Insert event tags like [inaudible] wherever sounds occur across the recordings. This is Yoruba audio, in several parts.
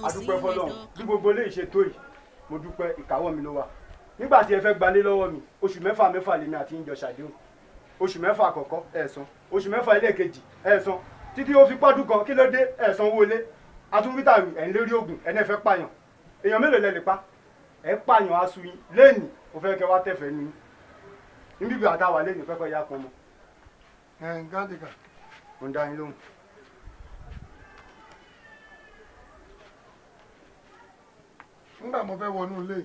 adúpẹ́ fọlọ́run bí gbogbo lè ṣe tó yìí mo dúpẹ́ ìkáwọ́ mi ló wà nígbà tí ẹ fẹ́ gbalé lọ́wọ́ mi oṣù mẹ́fà mẹ́fà lèmi àti ìjọ ṣàdéhùn oṣù mẹ́fà àkọ́kọ́ ẹ san oṣù mẹ́fà ilé kejì ẹ san títí ó fi pọ́dún kan kí ló dé ẹ san owó ilé atúnwítà rù ẹ̀ ń lérí oògùn ẹ̀ náà fẹ́ pààyàn èèyàn mélòó lẹ lè pa ẹ̀ pààyàn aṣu yín léènì o fẹ́ kẹ́ wá tẹ̀fẹ́ ní níbi ìgbà tá a wà léènì pẹ́pẹ́ yá kan mọ́. ẹ̀ ń gádìgà. mo ń dá yín lóhùn. nígbà mo fẹ́ wọnú ilé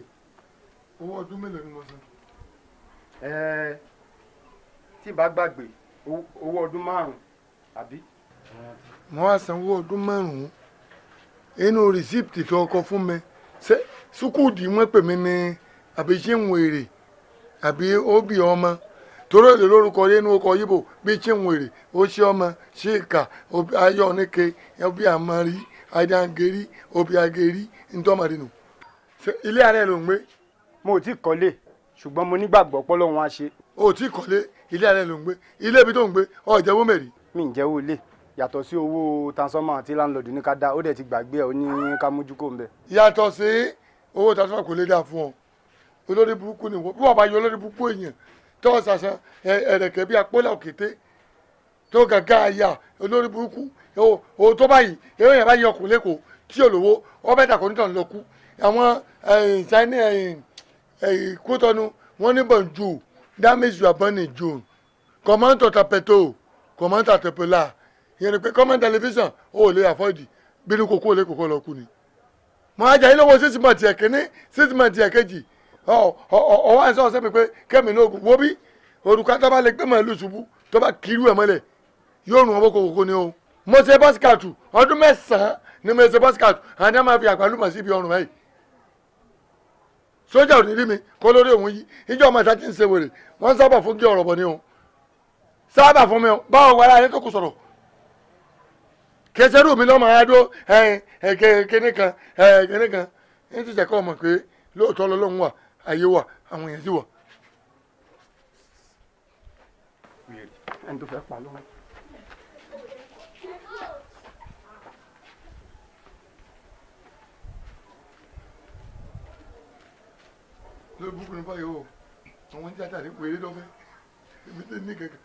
owó ọdún mélòó ni mo san. ẹ ẹ tí bá gbàgbé owó ọdún márùn-ún àbí. mo wá sanwó ọdún márùn-ún inú rìsíìpì tó ọkọ fún mi ṣé sukùdì wọn pè mí ní àbí ṣé ń àbí óbì ọmọ torí èdè lórúkọ yé inú ọkọ yíbò bí ṣé ń wèrè ó ṣe ọmọ ṣe ìkà ayọ oníke ẹbí àmọrí adáǹgẹrí obì àgẹrí ntọ́mọdé nù. ilé ààrẹ ló ń gbé. mo ò tí ì kọ́lé ṣùgbọ́n mo nígbàgbọ́ pé Ọlọ́run á o ò tí ì kọ́lé ilé ààrẹ ló ń gbé ilé ibi tó ń gbé ọ̀ jẹ́wọ́ mẹ́rin. mi ì jẹ́wọ́ ilé yàtọ̀ sí owó transformer àti landlord ní ká dá ó dẹ̀ ti gbàgbé ẹ̀ ó ní ká mójú kó ń bẹ̀. yàtọ̀ sí owó transformer kò lè dà fún ọ olórí burúkú ni wọ́n bí wọ́n bá yọ olórí burúkú èèyàn tó ṣàṣà ẹ̀rẹ̀kẹ́ bíi apólà òkété tó gàgà àyà olórí burúkú o tó báyìí èèyàn bá yọ ọkùnrin lẹ́kọ̀ọ́ tí olówó ọ bẹ́ẹ̀ dàkọ́ nítorí lọ kú àwọn eh, China eh, eh, Kótọ́nù wọ́n ní bonjour damage your born in June command tapeto command tapepola ìyẹn ni pé comment television ó lè àfọ́ọ̀dì bínú kókó lè kókó lọ kú ni. mo ajá yín lọ́wọ́ six months ẹ̀kíní six months ẹ̀kejì ọwọ́ àìsàn ọ̀sẹ̀ mi pé kẹ́mi ní ogun wo bí olùkọ́ tó bá lè gbé màálù ṣubú tó bá kiri ẹ̀ mọ́lẹ̀ yóò rùn ọmọ kòkòkò ni o. mo ṣe bọ́sìkàtù ọdún mẹ́sàn-án ni mo ṣe bọ́sìkàtù àti ẹ̀ máa fi àgbálùmọ̀ sí ibi ọrùn báyìí sójà ò ní rí mi kó lórí òun yí ìjọ ọmọ ìta tí ń ṣe wèrè wọ́n sábà fún gé ọ̀rọ̀ bọ̀ ni o sábà fún mi o báwo wà láyé tó kù sọ̀rọ̀ kẹsẹ́rù mi lọ́mọ adó kíní kan kíní kan ní ti jẹ́kọ́ ọmọ pé lóòótọ́ lọ́lọ́run wà ayé wà àwọn èèyàn sì wà. ẹni tó fẹ́ pa ló lórí búkú ní báyìí o àwọn tí àtàrí pé eré lọ́fẹ́ èmi tẹ̀ ní kankan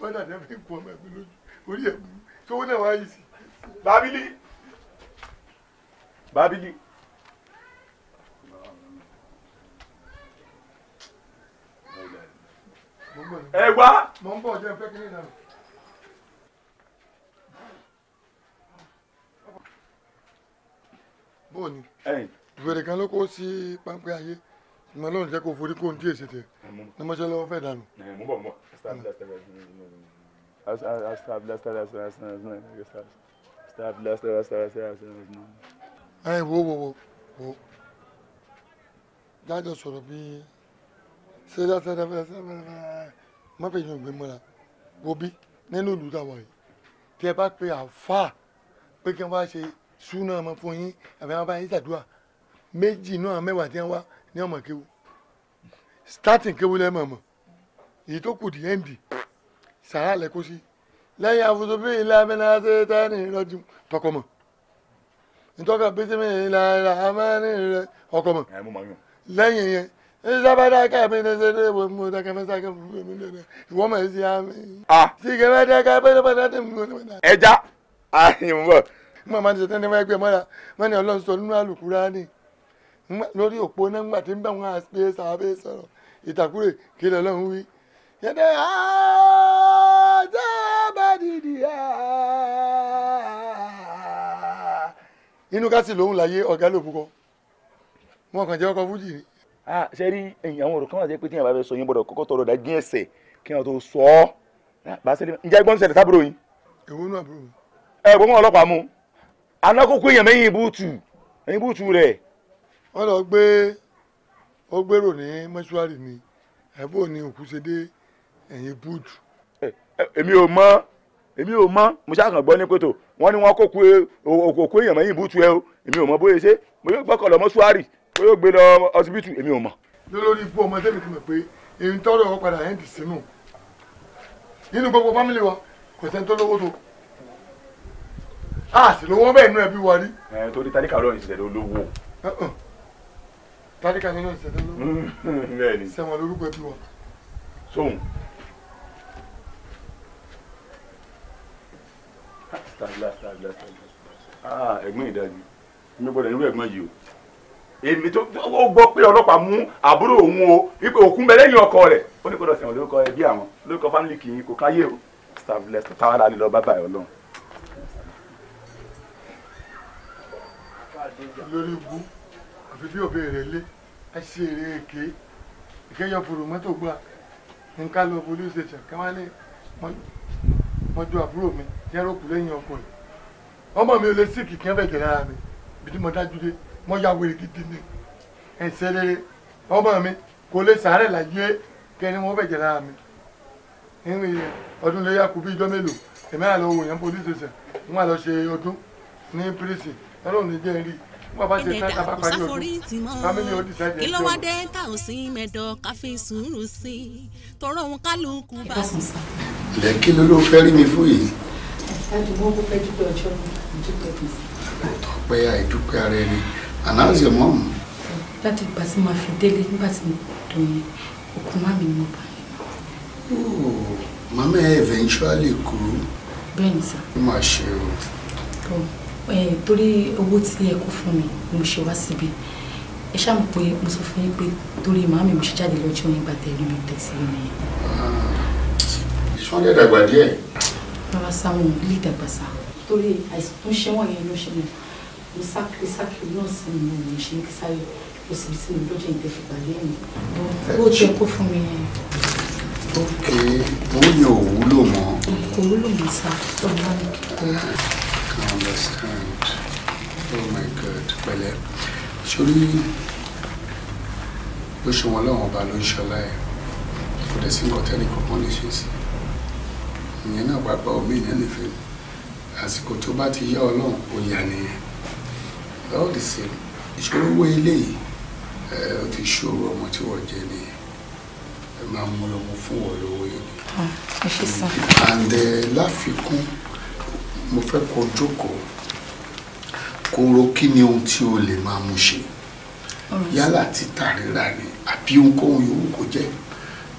bàdà ní ẹ̀fẹ̀ kú ọmọ ẹ̀mí lójú orí ẹ̀mí sówó náà wáyé sí. bábílì bábílì. ẹ wá. mo ń bọ̀ ọjọ́ ìfẹ́ kiri náà. bóò ni wèrè kan ló kó sí pápẹ́ ayé ní ọlọ́run jẹ́ kó forí kó ń díè ṣe tẹ̀ ní mọ́ṣẹ́ lọ́wọ́ fẹ́ dànù. ẹ wo wo wo wo jájọ sọ̀rọ̀ bí ṣé dáṣẹ́dá fẹ́ má fẹ́ yan ògbé mọ́ra wo bí nínú ìlú tàwa yìí tí ẹ bá pe àáfàá pé kí wọ́n bá ṣe súnà ọmọ fún yín àbí wọ́n bá yín ṣàdúrà méjì náà mẹ́wàá tí wọ́n wá ní ọmọ kéwu starting kéwu lẹ́mọ̀ mọ̀ èyí tó kù di end sàrà lẹ kó sí lẹ́yìn afusobi ilẹ̀ abẹ́nà ṣe ìrọ́jú tọkọ mọ̀ ntọ́ka bísímì ilẹ̀ ilẹ̀ amẹ́ni rẹ ọkọ mọ̀ lẹ́yìn yẹn nsabadaka mi ni wo mu daka mi saka mi mi mi mi ìwọ ma esi ami. a sike bẹ daka bẹrẹ bẹ daka mi mi mi. ẹja ayin bọ. mama ti sẹ tẹni ma gbẹ mọra mẹni Ọlọ́run sọ nínú àlùkùránì lórí òpó náà ńgbà tí ń bá wọn àṣẹ sàbẹ sọ̀rọ̀ ìtàkùrẹ kí lọ lọhùn wí. yẹn dẹ́ ọjọ́ bá dìdì á. inú ká sì lóhùn láyé ọ̀gá ló bukọ wọn kàn jẹ́ ọkọ̀ fújì ni. ṣe rí àwọn ọ̀rọ̀ kan wà jẹ́ pé tíyẹn bá fẹ́ sọ yín gbọ́dọ̀ kọ́kọ́ tọrọ dájú ẹsẹ̀ kí wọ́n tó sọ ọ́ bá a ṣe lè gbọ́n ṣẹlẹ̀ sábúrò yín. èwo náà bro. ẹ gbọ́n ọlọ́pàá mu anákókó èèyàn mẹ́yìn búùtù ẹ̀yìn búùtù rẹ̀ wọ́n lọ gbé ó gbèrò ní mọ́ṣúárì ni ẹ̀bùn ò ní òkú ṣe dé ẹ̀yìn búùtù. Eh, eh, èmi ò mọ èmi ò mọ mo ṣàkàn gbọ́ ní pẹ̀tọ̀ wọ́n ní wọ́n kó o èmi ò mọ bóyá ṣe mo yóò lọ mọ́ṣúárì mo yóò gbé lọ ọsibítù èmi ò mọ. lórí ikú ọmọ tẹ́lẹ̀ ti mọ̀ pé èyí tọ́rọ padà ẹ̀ ń dì sínú nínú gbogbo fámìlì wa kò sẹ́ni tó lówó tó a sì lówó bẹ́ẹ̀ nú rí. Eh, ẹ tálíkà nínú ìṣẹ̀lẹ̀ ló sẹ́wọ̀n [laughs] lórúkọ tiwọn. sóhun. Ah, ẹ̀gbọ́n ìdájú mi gbọ́dọ̀ nínú ẹ̀gbọ́n yìí o èmi tó ó gbọ́ pé ọlọ́pàá mú àbúrò òun o wípé òkun bẹ lẹ́yìn ọkọ rẹ̀ ó ní kó lọ sẹ́wọ̀n lórúkọ ẹbí àwọn lórúkọ fámìlì kì í kò káyé o stabless táwọn aláàlú lọ bá báyìí ọlọ́run. lórí ibú àfi bí òbí rẹ̀ lé asiere ke ke yo furu mọ́tò gba nka lọ police station kan wa le mo ju àbúrò mi je ro ku lẹ́yìn ọkọ yìí ọmọ mi ò lè sick kan be je lára mi bí ti mo dájú dé mo ya wèrè gidi ni ẹ ṣe rere ọmọ mi kò lè sáré láyé ke ni mo be je lára mi nri ọdún le ya ku bí ìjọ́ mélòó èmi à lọ wò yan police station mo à ṣe ọdún ní prison Ọlọ́run ni je bàbá ṣe tán tá ò sí mẹ́dọ̀ ká fi sùúrù sí i tọrọ òun kálukú bá sùn. ilẹ̀ kí ló ló fẹ́ rí mi fún yìí. tọpẹ́ àìdúpẹ́ ara ẹni announce your láti ìgbà tí màá fi délé nígbà tí mo dùn yẹn òkú má mi ni mo bá màmá ẹ eventually kú. bẹ́ẹ̀ ni sá. ó máa ṣe o torí owó tí ẹ kó fún mi mo ṣe wá síbi ẹ ṣáà mọ̀ pé mo sọ fún yín pé torí màámi mo ṣe jáde lọ́jọ́ yín gbàtẹ́ rí mi tẹ̀sí mi. sọ́dẹ̀ dàgbà díẹ̀. rárá sáwọn ilé ìdàgbà sá torí àìsàn tó ń ṣe wọ̀nyẹn ló ṣe mọ̀ mo sákiri sákiri náà sí mi mo ṣe é sáré mo sì bí sí mi lọ́jọ́ yìí tẹ̀sí gbà lẹ́yìn owó tí kó fún mi yẹn. owó yẹn ò mọ́. kò mọ́ sá I understand. Oh my God, pẹ̀lẹ́. Sori bó ṣe wọn lọ́wọ́n ọba ló ń ṣọlá ẹ̀. Kò dẹ̀ sí nǹkan tẹ́lẹ̀ kankan lè ṣe sí. Ìyẹn náà pàápàá omi ìyẹn lè fẹ́. Àsìkò tó bá ti yá ọlọ́run kò yà nìyẹn. All the same, ìṣòro owó ilé yìí ó ti ṣòro ọmọ tí wọ́n jẹ nìyẹn. Ẹ máa mú lọ́mọ fún wọn lówó yẹn. Ah, ẹ ṣe sọ. And eh, láfikún mo fẹ́ kó jókòó kó ro kí ni ohun tí o lè máa mú ṣe yálà títà rírà ni àbí ohunkóhun yòówù kó jẹ́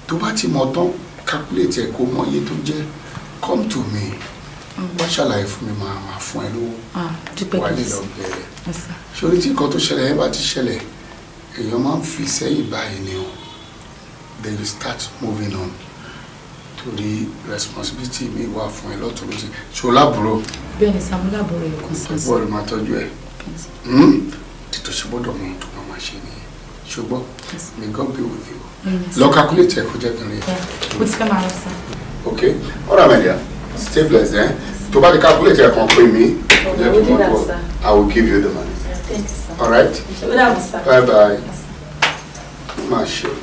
tó bá ti mọ̀ tán calculate ẹ̀ kó mọ iye tó jẹ́ come to me mm. wá ṣàlàyé fún mi máa máa fún ẹ lówó ah, wà lè lọ bẹ̀rẹ̀ sórí tí nǹkan tó ṣẹlẹ̀ ẹ bá ti ṣẹlẹ̀ èèyàn máa ń fi sẹ́yìn báyìí ni o then you start moving on torí responsibility mi wà fún ẹ lọ́tọ̀ ló ti ṣe o lábúrò. bẹ́ẹ̀ni sàmú lábúrò yìí kan sí. bọ́ọ̀lù máa tọ́jú ẹ hmm? títọ́ ṣe gbọ́dọ̀ mọ ohun tó máa máa ṣe nìyẹn ṣùgbọ́n may God be with you lọ calculate ẹ kó jẹ́ kí n rí ẹ. mo ti fẹ́ máa lọ sá. ok ọ̀rọ̀ àmàlẹ́ stay blessed ẹ́ eh? tó bá ti calculate ẹ̀ kan pé mi jẹ́ kí wọ́n kọ́ I will give you the money. Yeah, thank you, sir. all right bye bye. Yes, máa ṣe